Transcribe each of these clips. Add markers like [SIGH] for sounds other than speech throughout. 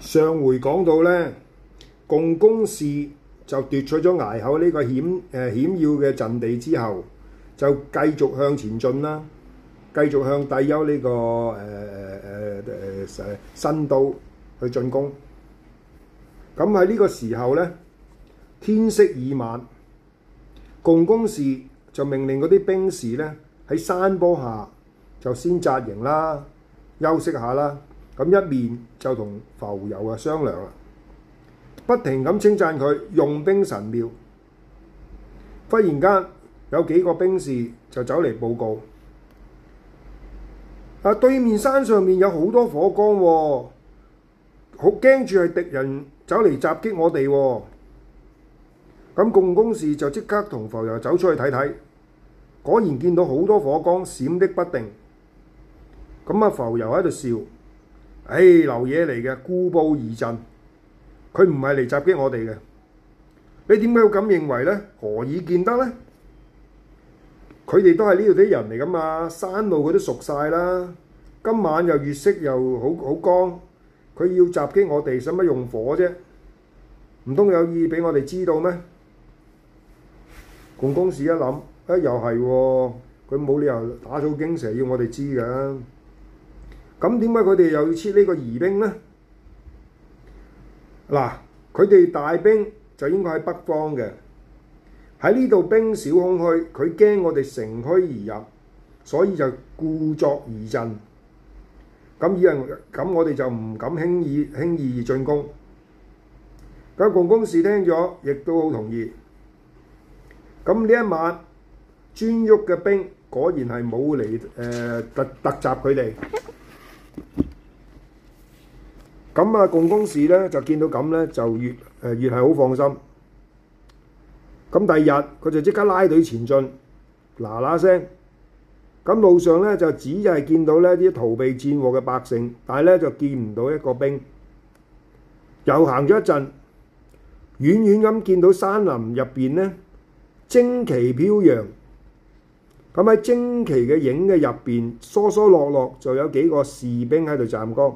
上回講到咧，共工氏就奪取咗崖口呢個險誒險要嘅陣地之後，就繼續向前進啦，繼續向帝丘呢個誒誒誒誒誒新都去進攻。咁喺呢個時候咧，天色已晚，共工氏就命令嗰啲兵士咧，喺山坡下就先紮營啦，休息下啦。咁一面就同浮游啊商量啦，不停咁稱讚佢用兵神妙。忽然間有幾個兵士就走嚟報告：啊，對面山上面有好多火光喎、啊，好驚住係敵人走嚟襲擊我哋喎、啊。咁共工氏就即刻同浮游走出去睇睇，果然見到好多火光閃的不定。咁啊，浮游喺度笑。唉，流嘢嚟嘅，故布疑陣，佢唔係嚟襲擊我哋嘅。你點解要咁認為咧？何以見得咧？佢哋都係呢度啲人嚟噶嘛，山路佢都熟晒啦。今晚又月色又好好光，佢要襲擊我哋，使乜用火啫？唔通有意俾我哋知道咩？共工氏一諗，啊、哎、又係喎、哦，佢冇理由打草驚蛇，要我哋知嘅、啊。咁點解佢哋又要設呢個疑兵呢？嗱，佢哋大兵就應該喺北方嘅，喺呢度兵少空虛，佢驚我哋乘虛而入，所以就故作疑陣。咁以係咁，我哋就唔敢輕易輕易進攻。咁共工氏聽咗，亦都好同意。咁呢一晚，顓頊嘅兵果然係冇嚟誒突突襲佢哋。 [LAUGHS] 咁啊，共工氏呢，就見到咁呢，就越誒、呃、越係好放心。咁第二日佢就即刻拉隊前進，嗱嗱聲。咁路上呢，就只係見到呢啲逃避戰禍嘅百姓，但係呢，就見唔到一個兵。又行咗一陣，遠遠咁見到山林入邊呢，旌旗飄揚。咁喺旌旗嘅影嘅入邊，疏疏落落就有幾個士兵喺度站崗。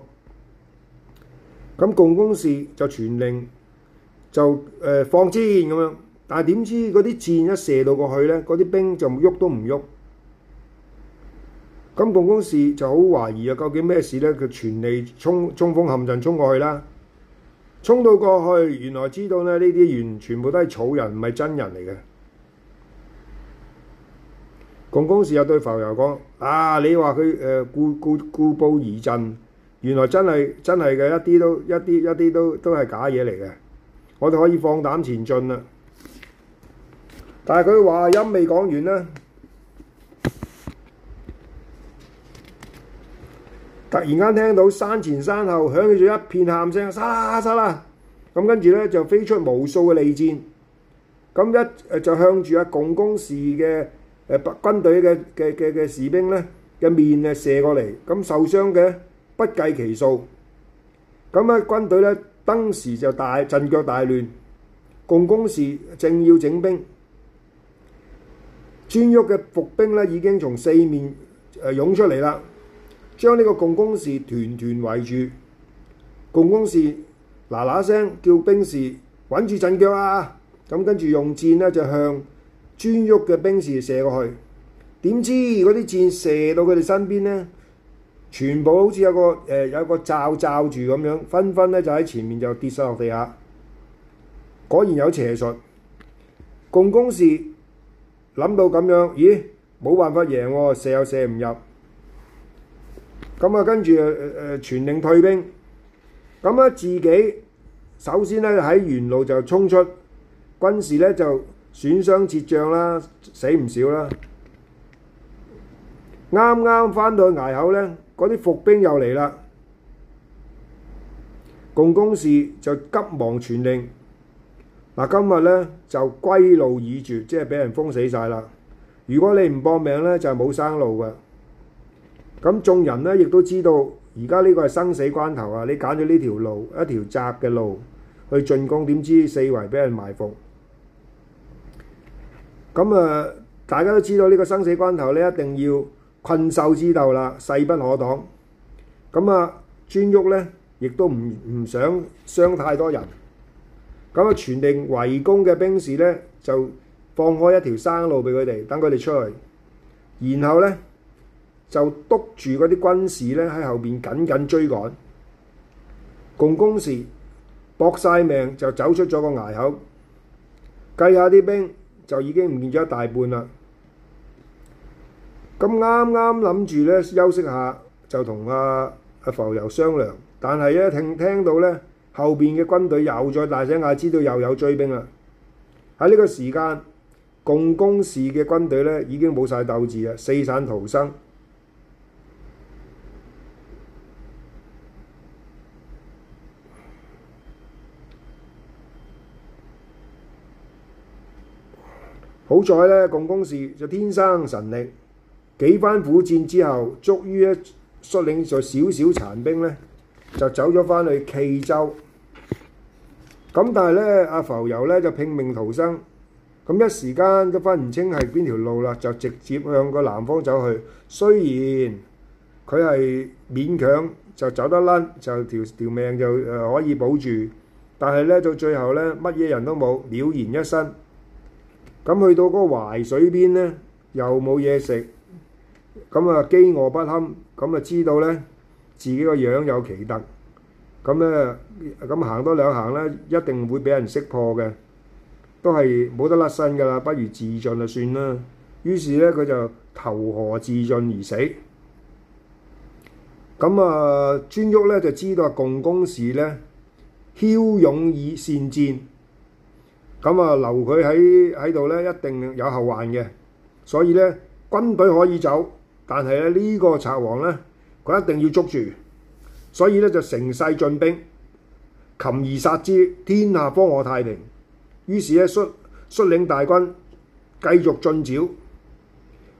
咁共工氏就傳令，就、呃、誒放箭咁樣。但係點知嗰啲箭一射到過去咧，嗰啲兵就喐都唔喐。咁共工氏就好懷疑啊，究竟咩事咧？佢全力衝，衝鋒陷陣衝過去啦。衝到過去，原來知道咧，呢啲完全部都係草人，唔係真人嚟嘅。共工氏又對浮游講：啊，你話佢誒故故故步而進，原來真係真係嘅，一啲都一啲一啲都都係假嘢嚟嘅。我哋可以放膽前進啦。但係佢話音未講完啦，突然間聽到山前山後響起咗一片喊聲：殺啦殺啦！咁跟住咧就飛出無數嘅利箭，咁一誒就向住阿共工氏嘅。誒白軍隊嘅嘅嘅嘅士兵咧嘅面誒射過嚟，咁受傷嘅不計其數。咁咧軍隊咧當時就大陣腳大亂，共工氏正要整兵，專喐嘅伏兵咧已經從四面誒湧出嚟啦，將呢個共工氏團團圍住。共工氏嗱嗱聲叫兵士穩住陣腳啊！咁跟住用箭呢，就向。專喐嘅兵士射過去，點知嗰啲箭射到佢哋身邊咧，全部好似有個誒有一個罩罩住咁樣，紛紛咧就喺前面就跌曬落地下。果然有邪術，共工氏諗到咁樣，咦，冇辦法贏喎，射又射唔入。咁啊，跟住誒傳令退兵，咁啊自己首先咧喺沿路就衝出，軍士咧就。損傷撤將啦，死唔少啦。啱啱翻到崖口咧，嗰啲伏兵又嚟啦。共工氏就急忙傳令，嗱今日咧就歸路已絕，即係俾人封死晒啦。如果你唔搏命咧，就係冇生路噶。咁眾人咧亦都知道，而家呢個係生死關頭啊！你揀咗呢條路，一條窄嘅路去進攻，點知四圍俾人埋伏。咁啊！大家都知道呢個生死關頭呢，一定要困獸之鬥啦，勢不可擋。咁啊，顓頊呢，亦都唔唔想傷太多人，咁啊，傳令圍攻嘅兵士呢，就放開一條生路俾佢哋，等佢哋出去。然後呢，就督住嗰啲軍士呢，喺後邊緊緊追趕，共工氏搏晒命就走出咗個崖口。計下啲兵。就已經唔見咗一大半啦。咁啱啱諗住咧休息下，就同阿阿浮游商量，但係咧聽聽到咧後邊嘅軍隊又再大聲嗌，知道又有追兵啦。喺呢個時間，共工氏嘅軍隊咧已經冇晒鬥志啦，四散逃生。好在咧，共工氏就天生神力，幾番苦戰之後，終於咧率領咗少少殘兵咧，就走咗翻去冀州。咁但係咧，阿浮游咧就拼命逃生，咁一時間都分唔清係邊條路啦，就直接向個南方走去。雖然佢係勉強就走得甩，就條條命就誒可以保住，但係咧到最後咧，乜嘢人都冇，孑然一身。咁去到嗰個淮水邊咧，又冇嘢食，咁啊飢餓不堪，咁啊知道咧自己個樣有奇特，咁咧咁行多兩行啦，一定會俾人識破嘅，都係冇得甩身噶啦，不如自盡就算啦。於是咧佢就投河自盡而死。咁啊，顓頊咧就知道共工氏咧，驍勇以善戰。咁啊，留佢喺喺度咧，一定有後患嘅。所以咧，軍隊可以走，但係咧呢個賊王咧，佢一定要捉住。所以咧就乘勢進兵，擒而殺之，天下方可太平。於是咧率率領大軍繼續進剿，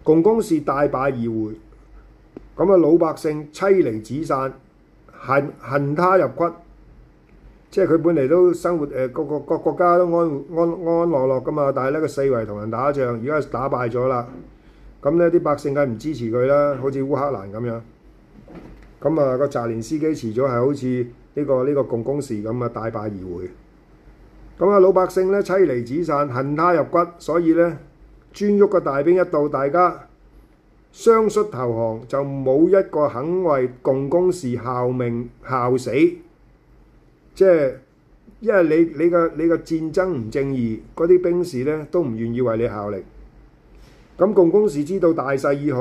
共工氏大敗而回。咁啊，老百姓妻離子散，恨恨他入骨。即係佢本嚟都生活誒，個、呃、個各、各、各國家都安安安、安安安樂樂㗎嘛，但係咧個四圍同人打仗，而家打敗咗啦。咁呢啲百姓梗係唔支持佢啦，好似烏克蘭咁樣。咁、嗯、啊、那個澤連斯基遲早係好似呢、這個呢、這個共工氏咁啊大敗而回。咁、嗯、啊老百姓咧妻離子散，恨他入骨，所以咧顓頊個大兵一到，大家相率投降，就冇一個肯為共工氏效命效死。即係、就是，因為你你個你個戰爭唔正義，嗰啲兵士咧都唔願意為你效力。咁共工氏知道大勢已去，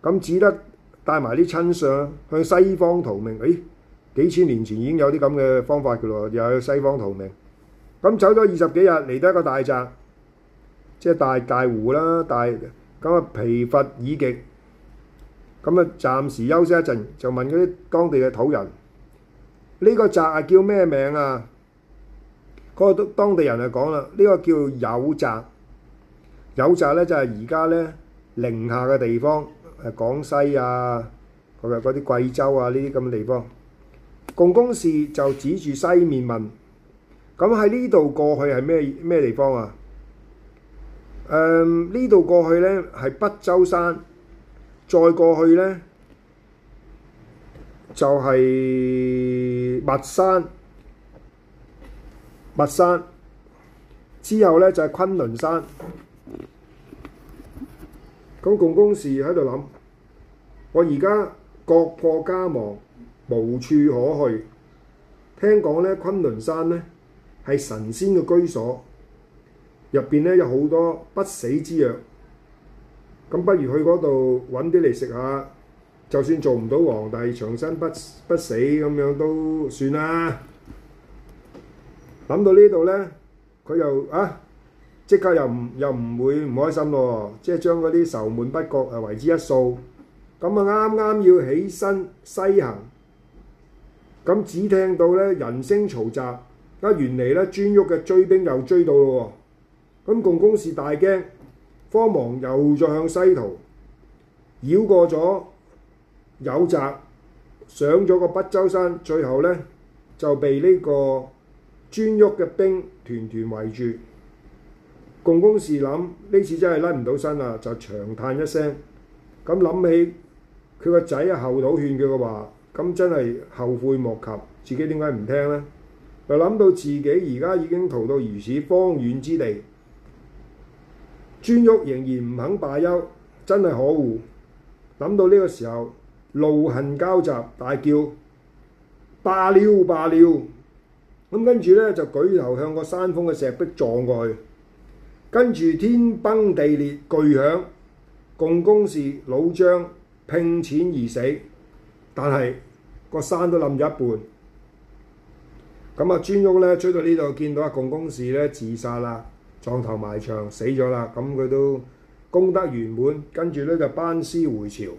咁只得帶埋啲親相向西方逃命。誒，幾千年前已經有啲咁嘅方法嘅咯，又去西方逃命。咁走咗二十幾日，嚟到一個大澤，即係大大湖啦，大咁啊疲乏已極，咁啊暫時休息一陣，就問嗰啲當地嘅土人。呢個集啊叫咩名啊？嗰個當地人就講啦，呢、這個叫有集。有集咧就係而家咧寧夏嘅地方，誒廣西啊，佢嘅嗰啲貴州啊呢啲咁嘅地方。共工氏就指住西面問，咁喺呢度過去係咩咩地方啊？誒呢度過去咧係不周山，再過去咧就係、是。華山、華山之後咧就係昆侖山，咁共工氏喺度諗，我而家國破家亡，無處可去，聽講咧昆侖山咧係神仙嘅居所，入邊咧有好多不死之藥，咁不如去嗰度揾啲嚟食下。就算做唔到皇帝長生不不死咁樣都算啦。諗到呢度呢，佢又啊，即刻又唔又唔會唔開心咯。即係將嗰啲愁悶不覺啊，為之一掃。咁啊，啱啱要起身西行，咁只聽到呢人聲嘈雜，啊，原嚟呢顓頊嘅追兵又追到咯。咁共工氏大驚，慌忙又再向西逃，繞過咗。有擲上咗個不周山，最後呢，就被呢個顓頊嘅兵團團圍住。共工氏諗呢次真係甩唔到身啦，就長嘆一聲。咁諗起佢個仔啊，後土勸佢嘅話，咁真係後悔莫及。自己點解唔聽呢？又諗到自己而家已經逃到如此荒遠之地，顓頊仍然唔肯罷休，真係可惡。諗到呢個時候。路行交集，大叫：罷了罷了！咁跟住咧就舉頭向個山峰嘅石壁撞過去，跟住天崩地裂，巨響。共工氏老張拼錢而死，但係個山都冧咗一半。咁啊，顓頊咧追到呢度，見到阿共工氏咧自殺啦，撞頭埋牆死咗啦。咁佢都功德圓滿，跟住咧就班師回朝。